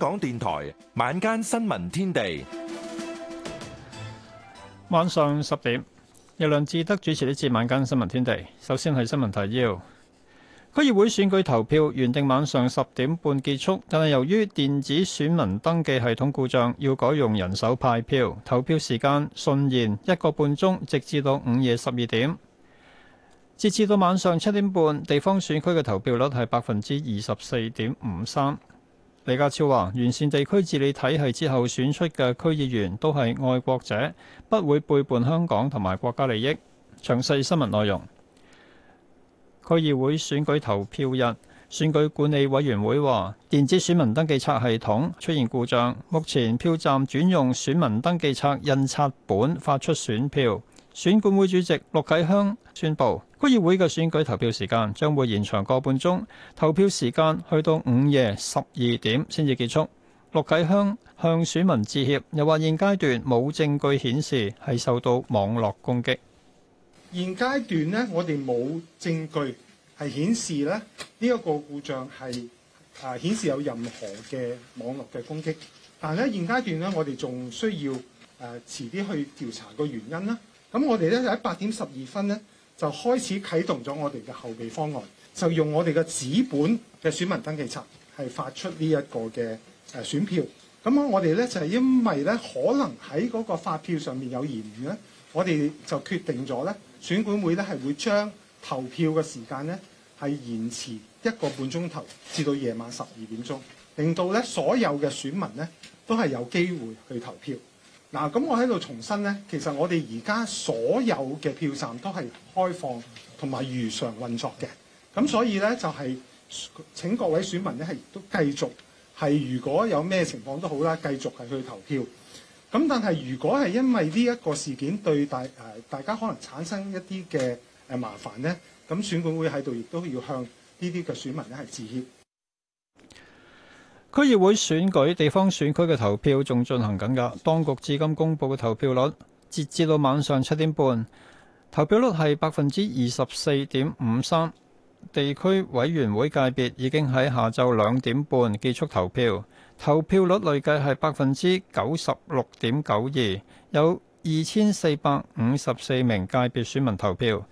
港電台晚間新聞天地，晚上十點由梁志德主持呢節晚間新聞天地。首先係新聞提要：區議會選舉投票原定晚上十點半結束，但係由於電子選民登記系統故障，要改用人手派票。投票時間順延一個半鐘，直至到午夜十二點，截至到晚上七點半，地方選區嘅投票率係百分之二十四點五三。李家超話：完善地區治理體系之後選出嘅區議員都係愛國者，不會背叛香港同埋國家利益。詳細新聞內容，區議會選舉投票日，選舉管理委員會話電子選民登記冊系統出現故障，目前票站轉用選民登記冊印刷本發出選票。選管會主席陸啟香宣布，區議會嘅選舉投票時間將會延長個半鐘，投票時間去到午夜十二點先至結束。陸啟香向選民致歉，又話現階段冇證據顯示係受到網絡攻擊。現階段呢，我哋冇證據係顯示咧呢一個故障係啊顯示有任何嘅網絡嘅攻擊，但係咧現階段呢，我哋仲需要誒遲啲去調查個原因啦。咁我哋咧喺八點十二分咧就開始啟動咗我哋嘅後備方案，就用我哋嘅紙本嘅選民登記冊係發出呢一個嘅誒選票。咁啊，我哋咧就係、是、因為咧可能喺嗰個發票上面有延誤咧，我哋就決定咗咧選管會咧係會將投票嘅時間咧係延遲一個半鐘頭，至到夜晚十二點鐘，令到咧所有嘅選民咧都係有機會去投票。嗱，咁我喺度重申呢，其實我哋而家所有嘅票站都係開放同埋如常運作嘅，咁所以呢，就係請各位選民呢，係都繼續係如果有咩情況都好啦，繼續係去投票。咁但係如果係因為呢一個事件對大誒大家可能產生一啲嘅誒麻煩呢，咁選管會喺度亦都要向呢啲嘅選民呢，係致歉。區議會選舉地方選區嘅投票仲進行緊㗎，當局至今公布嘅投票率，截至到晚上七點半，投票率係百分之二十四點五三。地區委員會界別已經喺下晝兩點半結束投票，投票率累計係百分之九十六點九二，有二千四百五十四名界別選民投票。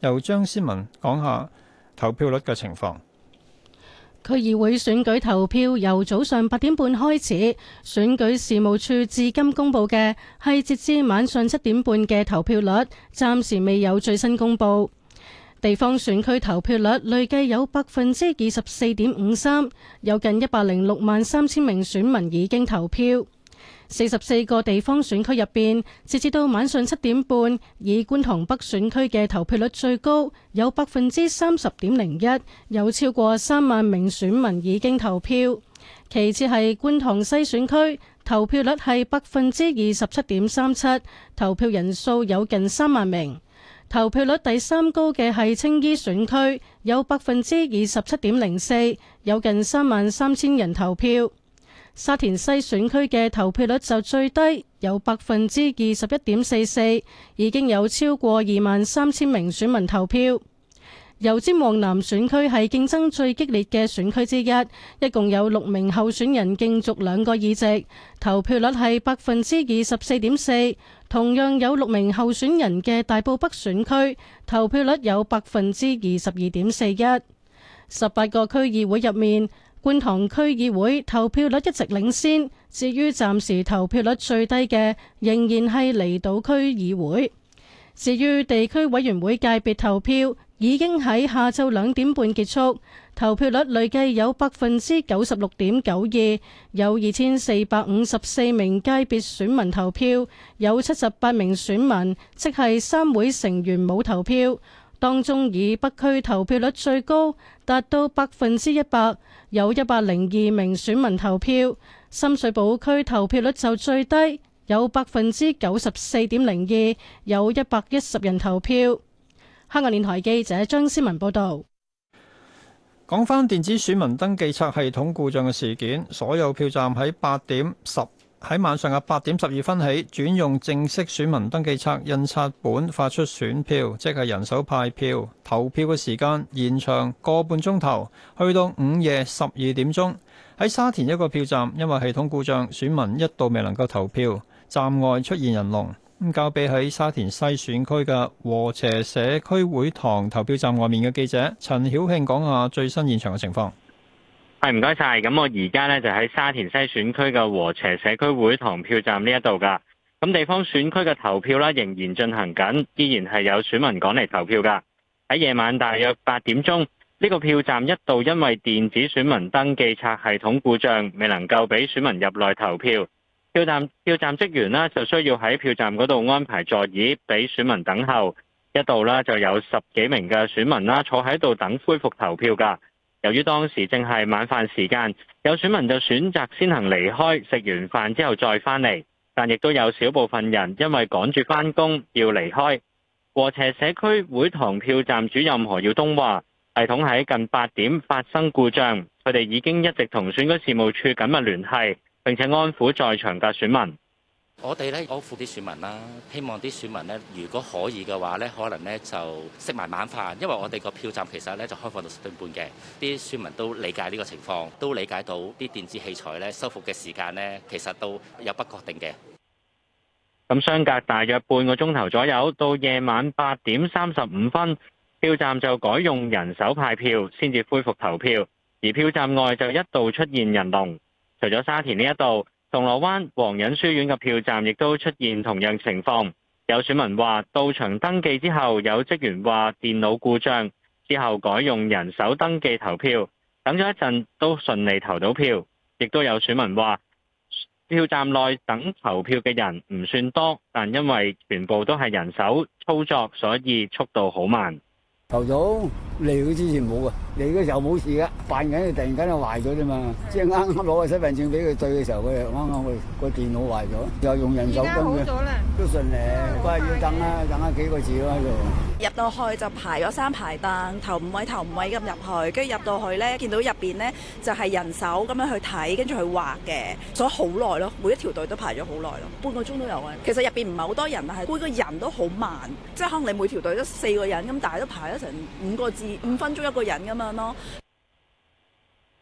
由張思文講下投票率嘅情況。區議會選舉投票由早上八點半開始，選舉事務處至今公佈嘅係截至晚上七點半嘅投票率，暫時未有最新公布。地方選區投票率累計有百分之二十四點五三，有近一百零六萬三千名選民已經投票。四十四個地方選區入邊，截至到晚上七點半，以觀塘北選區嘅投票率最高，有百分之三十點零一，有超過三萬名選民已經投票。其次係觀塘西選區，投票率係百分之二十七點三七，投票人數有近三萬名。投票率第三高嘅係青衣選區，有百分之二十七點零四，有近三萬三千人投票。沙田西選區嘅投票率就最低，有百分之二十一點四四，已經有超過二萬三千名選民投票。油尖旺南選區係競爭最激烈嘅選區之一，一共有六名候選人競逐兩個議席，投票率係百分之二十四點四。同樣有六名候選人嘅大埔北選區，投票率有百分之二十二點四一。十八個區議會入面。觀塘區議會投票率一直領先，至於暫時投票率最低嘅，仍然係離島區議會。至於地區委員會界別投票，已經喺下晝兩點半結束，投票率累計有百分之九十六點九二，有二千四百五十四名界別選民投票，有七十八名選民，即係三會成員冇投票。當中以北區投票率最高，達到百分之一百，有一百零二名選民投票。深水埗區投票率就最低，有百分之九十四點零二，有一百一十人投票。香港電台記者張思文報道。講翻電子選民登記冊系統故障嘅事件，所有票站喺八點十，喺晚上嘅八點十二分起，轉用正式選民登記冊印刷本發出選票，即係人手派票投票嘅時間延長個半鐘頭，去到午夜十二點鐘。喺沙田一個票站，因為系統故障，選民一度未能夠投票，站外出現人龍。咁交俾喺沙田西選區嘅禾輋社區會堂投票站外面嘅記者陳曉慶講下最新現場嘅情況。係，唔該晒，咁我而家呢，就喺沙田西選區嘅禾輋社區會堂票站呢一度噶，咁地方選區嘅投票啦，仍然進行緊，依然係有選民趕嚟投票噶。喺夜晚大約八點鐘，呢個票站一度因為電子選民登記冊系統故障，未能夠俾選民入內投票。票站票站職員啦就需要喺票站嗰度安排座椅俾選民等候，一度啦，就有十幾名嘅選民啦坐喺度等恢復投票噶。由於當時正係晚飯時間，有選民就選擇先行離開，食完飯之後再返嚟。但亦都有少部分人因為趕住返工要離開。和斜社區會堂票站主任何耀東話，系統喺近八點發生故障，佢哋已經一直同選舉事務處緊密聯繫，並且安撫在場嘅選民。我哋咧，我附啲選民啦，希望啲選民咧，如果可以嘅話咧，可能咧就食埋晚飯，因為我哋個票站其實咧就開放到十點半嘅。啲選民都理解呢個情況，都理解到啲電子器材咧修復嘅時間咧，其實都有不確定嘅。咁相隔大約半個鐘頭左右，到夜晚八點三十五分，票站就改用人手派票，先至恢復投票。而票站外就一度出現人龍，除咗沙田呢一度。銅鑼灣皇仁書院嘅票站亦都出現同樣情況，有選民話到場登記之後，有職員話電腦故障，之後改用人手登記投票，等咗一陣都順利投到票。亦都有選民話，票站內等投票嘅人唔算多，但因為全部都係人手操作，所以速度好慢。投咗。嚟嗰之前冇啊，嚟嗰時候冇事嘅，犯緊佢突然間就壞咗啫嘛。的即係啱啱攞個身份證俾佢對嘅時候，佢又啱啱嗰個電腦壞咗，又用人手登嘅。都順利，不過要等啦、啊，等下、啊、幾個字喺度。入到去就排咗三排凳，頭五位頭五位咁入去，跟住入到去咧，見到入邊咧就係、是、人手咁樣去睇，跟住去畫嘅，坐好耐咯。每一條隊都排咗好耐咯，半個鐘都有啊。其實入邊唔係好多人，但係每個人都好慢，即係可能你每條隊都四個人咁，但係都排咗成五個字，五分鐘一個人咁樣咯。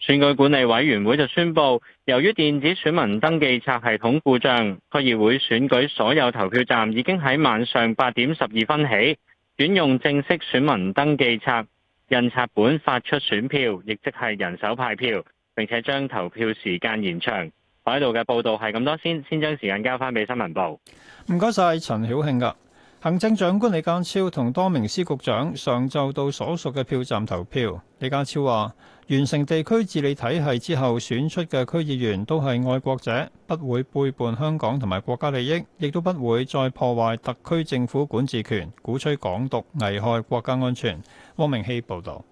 選舉管理委員會就宣布，由於電子選民登記冊系統故障，區議會選舉所有投票站已經喺晚上八點十二分起，轉用正式選民登記冊印刷本發出選票，亦即係人手派票，並且將投票時間延長。我喺度嘅報道係咁多，先先將時間交翻俾新聞部。唔該晒陳曉慶噶。陳行政長官李家超同多名司局長上晝到所屬嘅票站投票。李家超話：完成地區治理體系之後選出嘅區議員都係愛國者，不會背叛香港同埋國家利益，亦都不會再破壞特區政府管治權，鼓吹港獨，危害國家安全。汪明希報導。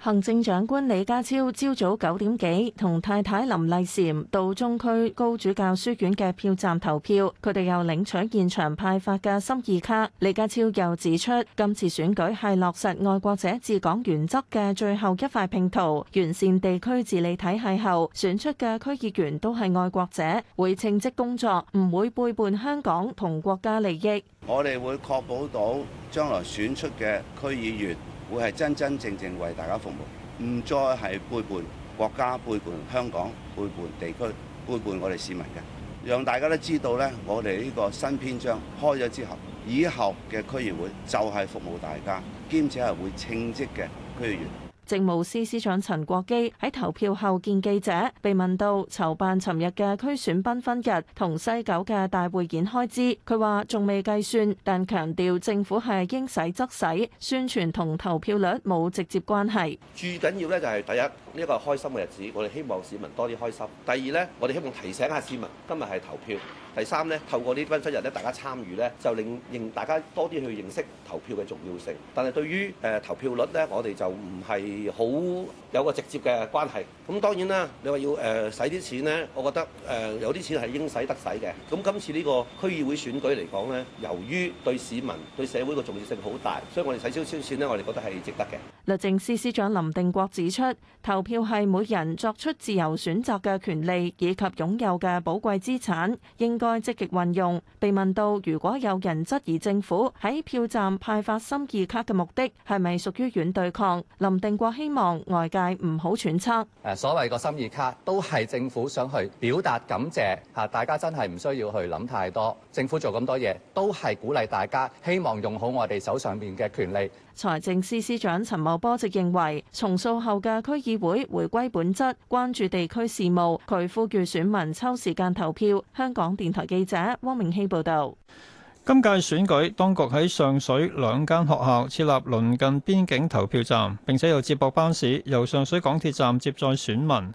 行政長官李家超朝早九點幾同太太林麗嬋到中區高主教書院嘅票站投票，佢哋又領取現場派發嘅心意卡。李家超又指出，今次選舉係落實愛國者治港原則嘅最後一塊拼圖，完善地區治理體系後選出嘅區議員都係愛國者，會稱職工作，唔會背叛香港同國家利益。我哋會確保到將來選出嘅區議員會係真真正正為大家服務，唔再係背叛國家、背叛香港、背叛地區、背叛我哋市民嘅，讓大家都知道呢，我哋呢個新篇章開咗之後，以後嘅區議會就係服務大家，兼且係會稱職嘅區議員。政務司司長陳國基喺投票後見記者，被問到籌辦尋日嘅區選繽紛日同西九嘅大匯演開支，佢話仲未計算，但強調政府係應使則使，宣傳同投票率冇直接關係。最緊要咧就係第一，呢、這、一個開心嘅日子，我哋希望市民多啲開心。第二咧，我哋希望提醒下市民，今日係投票。第三呢，透過呢幾日咧，大家參與呢，就令令大家多啲去認識投票嘅重要性。但係對於誒投票率呢，我哋就唔係好有個直接嘅關係。咁當然啦，你話要誒使啲錢呢，我覺得誒有啲錢係應使得使嘅。咁今次呢個區議會選舉嚟講呢，由於對市民對社會嘅重要性好大，所以我哋使少少錢呢，我哋覺得係值得嘅。律政司司長林定國指出，投票係每人作出自由選擇嘅權利，以及擁有嘅寶貴資產，應該積極運用。被問到如果有人質疑政府喺票站派發心意卡嘅目的係咪屬於軟對抗，林定國希望外界唔好揣測。誒，所謂個心意卡都係政府想去表達感謝，吓大家真係唔需要去諗太多。政府做咁多嘢都係鼓勵大家，希望用好我哋手上面嘅權利。財政司司長陳茂波就認為，重塑後嘅區議會回歸本質，關注地區事務。佢呼籲選民抽時間投票。香港電台記者汪明希報道，今屆選舉，當局喺上水兩間學校設立鄰近邊境投票站，並且由接駁巴士由上水港鐵站接載選民。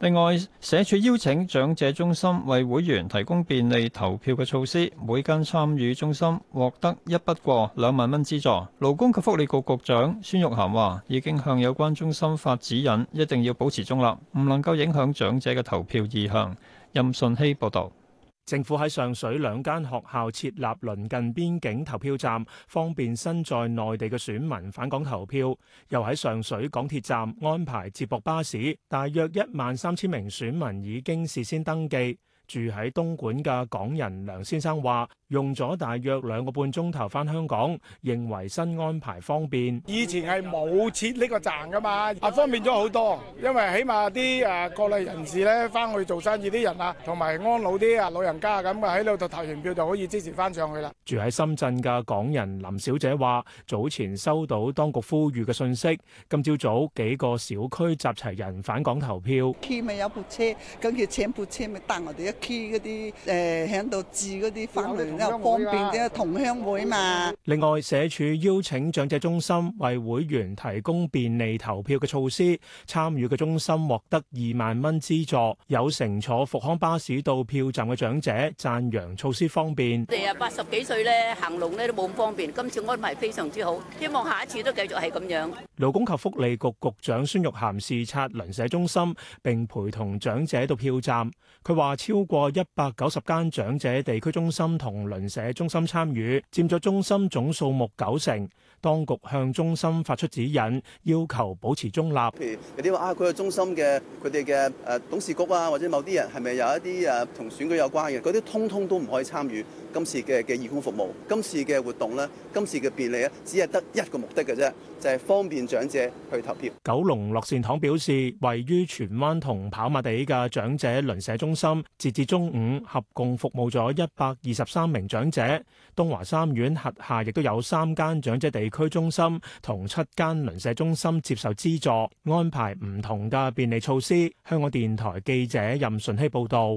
另外，社署邀請長者中心為會員提供便利投票嘅措施，每間參與中心獲得一筆過兩萬蚊資助。勞工及福利局局長孫玉菡話：已經向有關中心發指引，一定要保持中立，唔能夠影響長者嘅投票意向。任信希報導。政府喺上水兩間學校設立鄰近邊境投票站，方便身在內地嘅選民返港投票。又喺上水港鐵站安排接駁巴士，大約一萬三千名選民已經事先登記。住喺東莞嘅港人梁先生話：用咗大約兩個半鐘頭翻香港，認為新安排方便。以前係冇設呢個站噶嘛，啊方便咗好多，因為起碼啲誒國內人士咧翻去做生意啲人啊，同埋安老啲啊老人家咁啊，喺度度投完票就可以支持翻上去啦。住喺深圳嘅港人林小姐話：早前收到當局呼籲嘅信息，今朝早幾個小區集齊人返港投票。佢咪，有部車，跟住請部車咪搭我哋一。key 嗰啲誒喺度治嗰啲翻嚟，然之後方便啲啊，同鄉會嘛。另外，社署邀請長者中心為會員提供便利投票嘅措施，參與嘅中心獲得二萬蚊資助。有乘坐復康巴士到票站嘅長者讚揚措施方便。成日八十幾歲咧，行路咧都冇咁方便，今次安排非常之好，希望下一次都繼續係咁樣。勞工及福利局局長孫玉菡視察鄰舍中心並陪同長者到票站，佢話超。過一百九十間長者地區中心同鄰舍中心參與，佔咗中心總數目九成。當局向中心發出指引，要求保持中立。譬如嗰啲話啊，佢嘅中心嘅佢哋嘅誒董事局啊，或者某啲人係咪有一啲誒同選舉有關嘅？嗰啲通通都唔可以參與今次嘅嘅義工服務。今次嘅活動咧，今次嘅便利咧，只係得一個目的嘅啫，就係方便長者去投票。九龍樂善堂表示，位於荃灣同跑馬地嘅長者鄰舍中心，截至中午合共服務咗一百二十三名長者。東華三院轄下亦都有三間長者地區中心同七間鄰舍中心接受資助，安排唔同嘅便利措施。香港電台記者任順熙報道，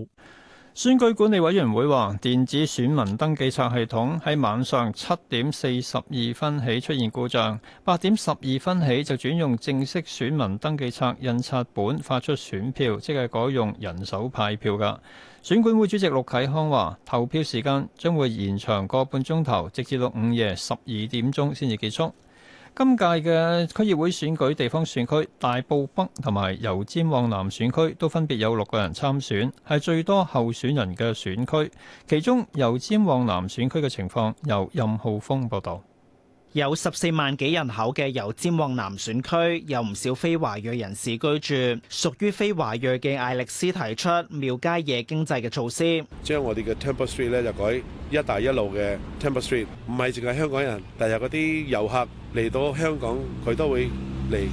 選舉管理委員會話，電子選民登記冊系統喺晚上七點四十二分起出現故障，八點十二分起就轉用正式選民登記冊印刷本發出選票，即係改用人手派票㗎。選管會主席陸啟康話：投票時間將會延長個半鐘頭，直至到午夜十二點鐘先至結束。今屆嘅區議會選舉地方選區大埔北同埋油尖旺南選區都分別有六個人參選，係最多候選人嘅選區。其中油尖旺南選區嘅情況，由任浩峰報導。有十四萬幾人口嘅油尖旺南選區有唔少非華裔人士居住，屬於非華裔嘅艾力斯提出廟街夜經濟嘅措施。將我哋嘅 Temple Street 咧就改一帶一路嘅 Temple Street，唔係淨係香港人，第日嗰啲遊客嚟到香港佢都會嚟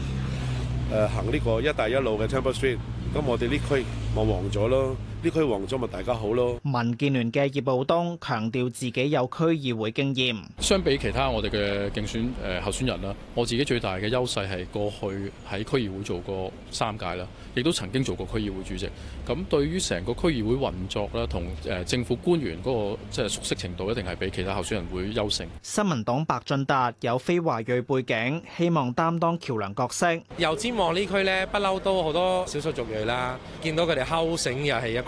誒行呢個一帶一路嘅 Temple Street，咁我哋呢區咪黃咗咯。呢區黃佐文大家好咯。民建聯嘅葉傲冬強調自己有區議會經驗。相比其他我哋嘅競選、呃、候選人啦，我自己最大嘅優勢係過去喺區議會做過三屆啦，亦都曾經做過區議會主席。咁對於成個區議會運作啦，同誒政府官員嗰個即係熟悉程度，一定係比其他候選人會優勝。新民黨白俊達有非華裔背景，希望擔當橋樑角色。油尖旺呢區呢不嬲都好多少數族裔啦，見到佢哋敲醒又係一。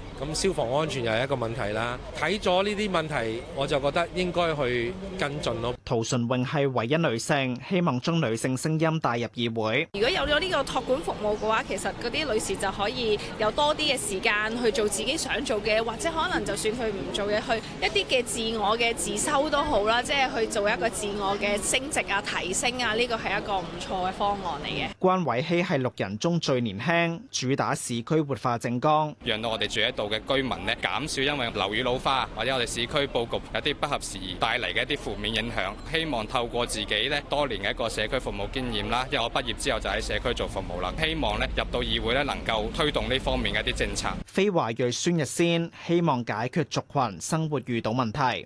咁消防安全又係一個問題啦，睇咗呢啲問題，我就覺得應該去跟進咯。陶順穎係唯一女性，希望將女性聲音帶入議會。如果有咗呢個託管服務嘅話，其實嗰啲女士就可以有多啲嘅時間去做自己想做嘅，或者可能就算佢唔做嘢，去一啲嘅自我嘅自修都好啦，即係去做一個自我嘅升值啊、提升啊，呢個係一個唔錯嘅方案嚟嘅。關偉希係六人中最年輕，主打市區活化政綱，讓到我哋住喺度嘅居民咧，減少因為樓宇老化或者我哋市區佈局有啲不合時宜帶嚟嘅一啲負面影響。希望透過自己咧多年嘅一個社區服務經驗啦，因為我畢業之後就喺社區做服務啦。希望咧入到議會咧，能夠推動呢方面嘅一啲政策。非華裔孫日先希望解決族群生活遇到問題。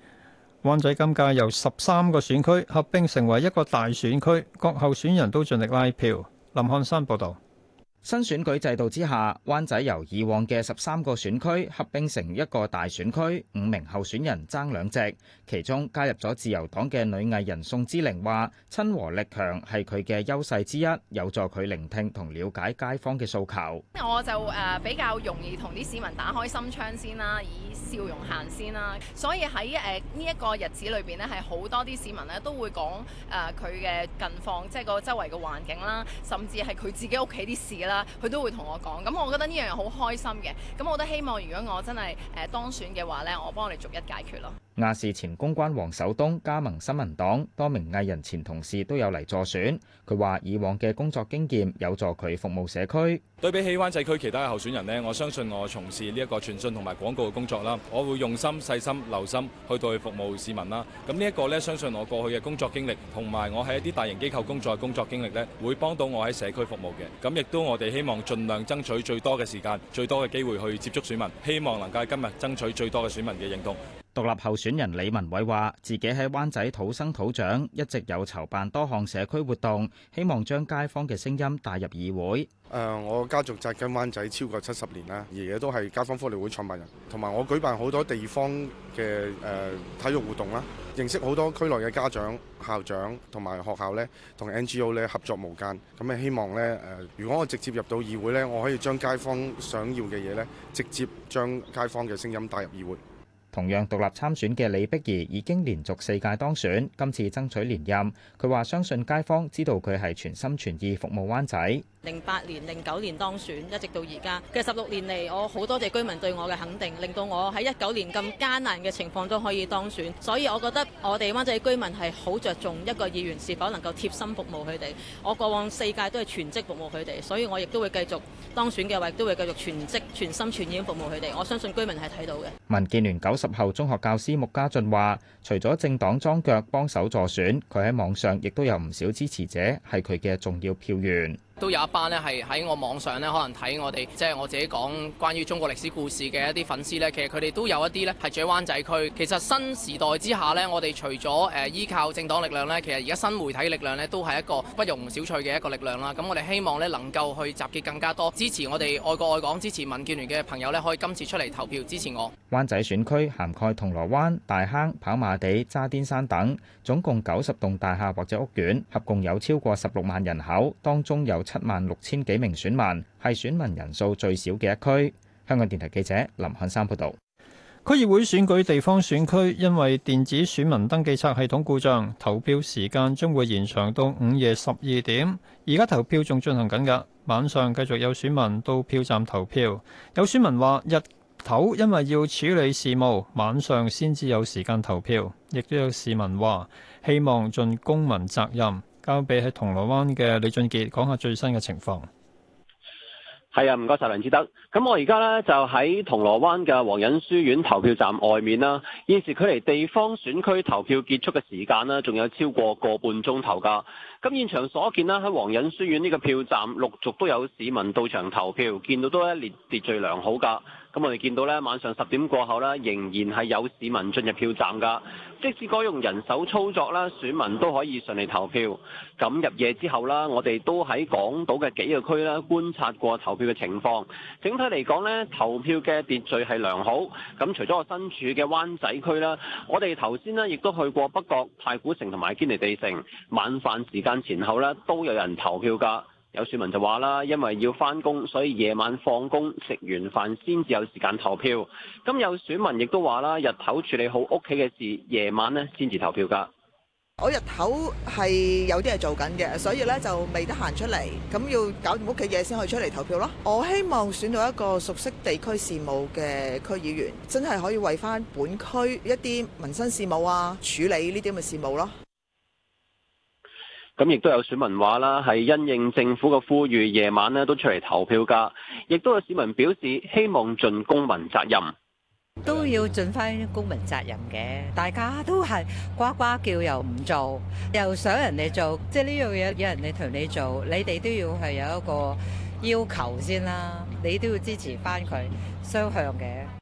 灣仔今屆由十三個選區合併成為一個大選區，各候選人都盡力拉票。林漢山報道。新選舉制度之下，灣仔由以往嘅十三個選區合併成一個大選區，五名候選人爭兩席。其中加入咗自由黨嘅女藝人宋之玲話：親和力強係佢嘅優勢之一，有助佢聆聽同了解街坊嘅訴求。我就誒比較容易同啲市民打開心窗先啦，以笑容行先啦。所以喺誒呢一個日子裡邊咧，係好多啲市民咧都會講誒佢嘅近況，即係個周圍嘅環境啦，甚至係佢自己屋企啲事啦。佢都會同我講，咁我覺得呢樣好開心嘅。咁我都希望，如果我真係誒當選嘅話咧，我幫你逐一解決咯。亞視前公關黃守東加盟新聞黨，多名藝人前同事都有嚟助選。佢話：以往嘅工作經驗有助佢服務社區。對比起灣仔區其他嘅候選人呢，我相信我從事呢一個傳訊同埋廣告嘅工作啦，我會用心、細心、留心去到服務市民啦。咁呢一個呢，相信我過去嘅工作經歷同埋我喺一啲大型機構工作嘅工作經歷呢，會幫到我喺社區服務嘅。咁亦都我哋希望盡量爭取最多嘅時間、最多嘅機會去接觸選民，希望能夠喺今日爭取最多嘅選民嘅認同。獨立候選人李文偉話，自己喺灣仔土生土長，一直有籌辦多項社區活動，希望將街坊嘅聲音帶入議會。誒，我家族紮根灣仔超過七十年啦，爺爺都係街坊福利會創辦人，同埋我舉辦好多地方嘅誒體育活動啦，認識好多區內嘅家長、校長同埋學校咧，同 NGO 咧合作無間，咁咪希望咧誒，如果我直接入到議會咧，我可以將街坊想要嘅嘢咧，直接將街坊嘅聲音帶入議會。同樣獨立參選嘅李碧儀已經連續四屆當選，今次爭取連任。佢話：相信街坊知道佢係全心全意服務灣仔。零八年、零九年當選，一直到而家，其實十六年嚟，我好多謝居民對我嘅肯定，令到我喺一九年咁艱難嘅情況都可以當選。所以我覺得我哋灣仔嘅居民係好着重一個議員是否能夠貼心服務佢哋。我過往四屆都係全職服務佢哋，所以我亦都會繼續當選嘅話，我亦都會繼續全職、全心全意服務佢哋。我相信居民係睇到嘅。民建聯九十後中學教師穆家俊話，除咗政黨樁腳幫手助選，佢喺網上亦都有唔少支持者係佢嘅重要票源。都有一班呢，係喺我網上呢，可能睇我哋即係我自己講關於中國歷史故事嘅一啲粉絲呢。其實佢哋都有一啲呢，係住灣仔區。其實新時代之下呢，我哋除咗誒依靠政黨力量呢，其實而家新媒體力量呢，都係一個不容小覷嘅一個力量啦。咁我哋希望呢，能夠去集結更加多支持我哋愛國愛港、支持民建聯嘅朋友呢，可以今次出嚟投票支持我。灣仔選區涵蓋銅鑼灣、大坑、跑馬地、渣甸山等，總共九十棟大廈或者屋苑，合共有超過十六萬人口，當中有。七萬六千幾名選民係選民人數最少嘅一區。香港電台記者林漢山報道，區議會選舉地方選區因為電子選民登記冊系統故障，投票時間將會延長到午夜十二點。而家投票仲進行緊㗎，晚上繼續有選民到票站投票。有選民話：日頭因為要處理事務，晚上先至有時間投票。亦都有市民話：希望盡公民責任。交俾喺銅鑼灣嘅李俊杰講下最新嘅情況。係啊，唔該晒梁志德。咁我而家呢就喺銅鑼灣嘅皇仁書院投票站外面啦。現時距離地方選區投票結束嘅時間呢，仲有超過個半鐘頭噶。咁現場所見啦，喺皇仁書院呢個票站陸續都有市民到場投票，見到都一列秩序良好噶。咁我哋見到咧，晚上十點過後咧，仍然係有市民進入票站㗎。即使改用人手操作啦，選民都可以順利投票。咁入夜之後啦，我哋都喺港島嘅幾個區啦，觀察過投票嘅情況。整體嚟講咧，投票嘅秩序係良好。咁除咗我身處嘅灣仔區啦，我哋頭先呢亦都去過北角、太古城同埋堅尼地城。晚飯時間前後咧，都有人投票㗎。有選民就話啦，因為要翻工，所以夜晚放工食完飯先至有時間投票。咁有選民亦都話啦，日頭處理好屋企嘅事，夜晚呢先至投票㗎。我日頭係有啲嘢做緊嘅，所以咧就未得閒出嚟，咁要搞掂屋企嘢先可以出嚟投票咯。我希望選到一個熟悉地區事務嘅區議員，真係可以為翻本區一啲民生事務啊，處理呢啲咁嘅事務咯啊。咁亦都有選民話啦，係因應政府嘅呼籲，夜晚咧都出嚟投票噶。亦都有市民表示希望盡公民責任，都要盡翻公民責任嘅。大家都係呱呱叫又唔做，又想人哋做，即係呢樣嘢有人哋同你做，你哋都要係有一個要求先啦。你都要支持翻佢雙向嘅。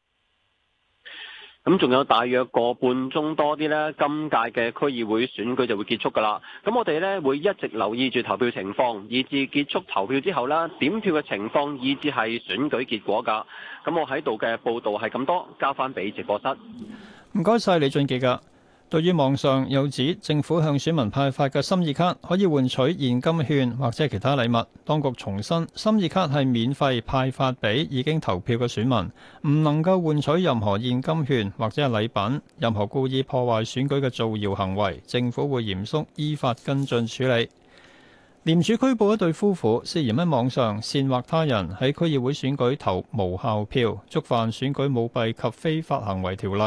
咁仲有大約個半鐘多啲呢，今屆嘅區議會選舉就會結束㗎啦。咁我哋呢會一直留意住投票情況，以至結束投票之後呢，點票嘅情況，以至係選舉結果㗎。咁我喺度嘅報道係咁多，交翻俾直播室。唔該晒，李俊傑㗎。對於網上有指政府向選民派發嘅心意卡可以換取現金券或者其他禮物，當局重申心意卡係免費派發俾已經投票嘅選民，唔能夠換取任何現金券或者係禮品。任何故意破壞選舉嘅造謠行為，政府會嚴肅依法跟進處理。廉署拘捕一對夫婦，涉嫌喺網上煽惑他人喺區議會選舉投無效票，觸犯《選舉舞弊及非法行為條例》，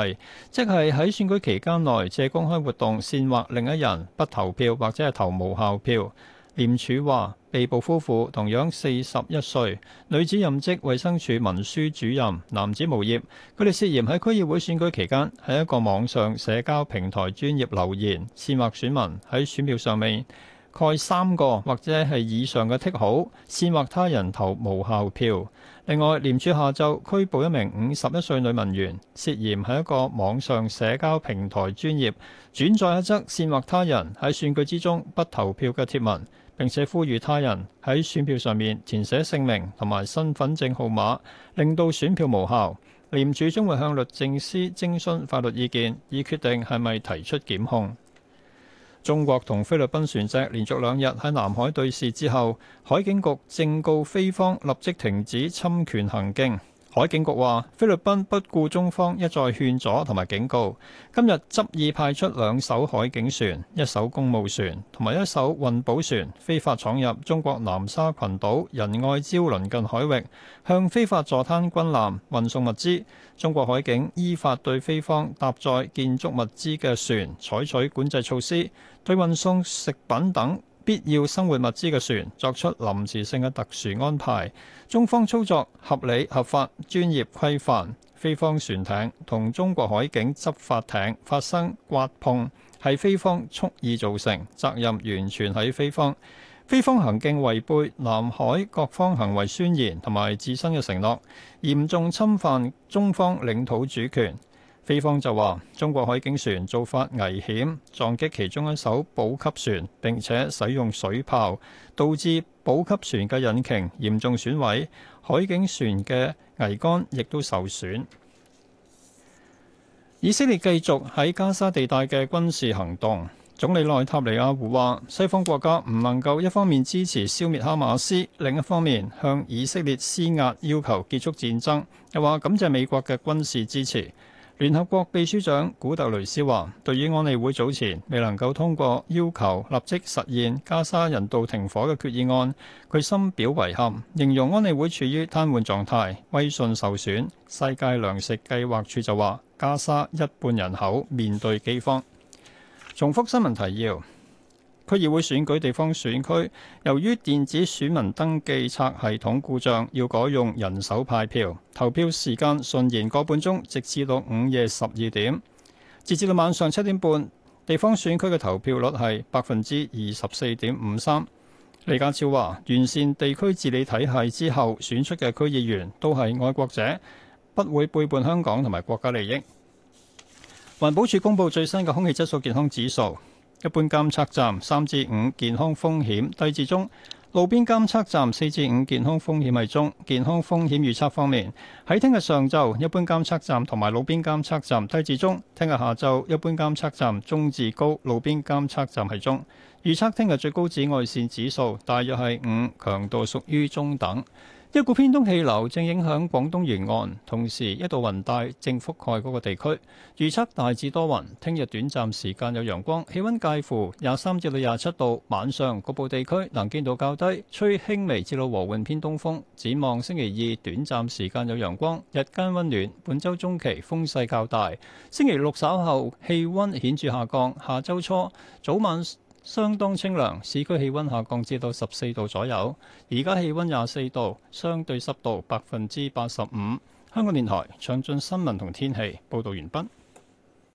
即係喺選舉期間內借公開活動煽惑另一人不投票或者係投無效票。廉署話，被捕夫婦同樣四十一歲，女子任職衛生署文書主任，男子無業。佢哋涉嫌喺區議會選舉期間喺一個網上社交平台專業留言煽惑選民喺選票上面蓋三個或者係以上嘅剔號，煽惑他人投無效票。另外，廉署下晝拘捕一名五十一歲女文員，涉嫌係一個網上社交平台專頁轉載一則煽惑他人喺選舉之中不投票嘅貼文，並且呼籲他人喺選票上面填寫姓名同埋身份證號碼，令到選票無效。廉署將會向律政司徵詢法律意見，以決定係咪提出檢控。中國同菲律賓船隻連續兩日喺南海對峙之後，海警局正告菲方立即停止侵權行徑。海警局話：菲律賓不顧中方一再勸阻同埋警告，今日執意派出兩艘海警船、一艘公務船同埋一艘運補船，非法闖入中國南沙群島仁愛礁鄰近海域，向非法坐灘軍艦運送物資。中國海警依法對菲方搭載建築物資嘅船採取管制措施，對運送食品等必要生活物資嘅船作出臨時性嘅特殊安排，中方操作合理合法、專業規範。菲方船艇同中國海警執法艇發生刮碰，係菲方蓄意造成，責任完全喺菲方。菲方行徑違背南海各方行為宣言同埋自身嘅承諾，嚴重侵犯中方領土主權。菲方就話：中國海警船做法危險，撞擊其中一艘補給船，並且使用水炮，導致補給船嘅引擎嚴重損毀，海警船嘅桅桿亦都受損。以色列繼續喺加沙地帶嘅軍事行動。總理內塔尼亞胡話：西方國家唔能夠一方面支持消滅哈馬斯，另一方面向以色列施壓，要求結束戰爭。又話感謝美國嘅軍事支持。聯合國秘書長古特雷斯話：對於安理會早前未能夠通過要求立即實現加沙人道停火嘅決議案，佢深表遺憾，形容安理會處於癱瘓狀態，威信受損。世界糧食計劃處就話：加沙一半人口面對饑荒。重複新聞提要。區議會選舉地方選區，由於電子選民登記冊系統故障，要改用人手派票。投票時間順延個半鐘，直至到午夜十二點。截至到晚上七點半，地方選區嘅投票率係百分之二十四點五三。李家超話：完善地區治理體系之後，選出嘅區議員都係愛國者，不會背叛香港同埋國家利益。環保署公布最新嘅空氣質素健康指數。一般監測站三至五健康風險低至中，路邊監測站四至五健康風險係中。健康風險預測方面，喺聽日上晝一般監測站同埋路邊監測站低至中，聽日下晝一般監測站中至高，路邊監測站係中。預測聽日最高紫外線指數大約係五，強度屬於中等。一股偏東氣流正影響廣東沿岸，同時一道雲帶正覆蓋嗰個地區。預測大致多雲，聽日短暫時間有陽光，氣温介乎廿三至到廿七度。晚上局部地區能見度較低，吹輕微至到和緩偏東風。展望星期二短暫時間有陽光，日間温暖。本週中期風勢較大，星期六稍後氣温顯著下降。下週初早晚。相當清涼，市區氣温下降至到十四度左右。而家氣温廿四度，相對濕度百分之八十五。香港電台詳盡新聞同天氣報導完畢。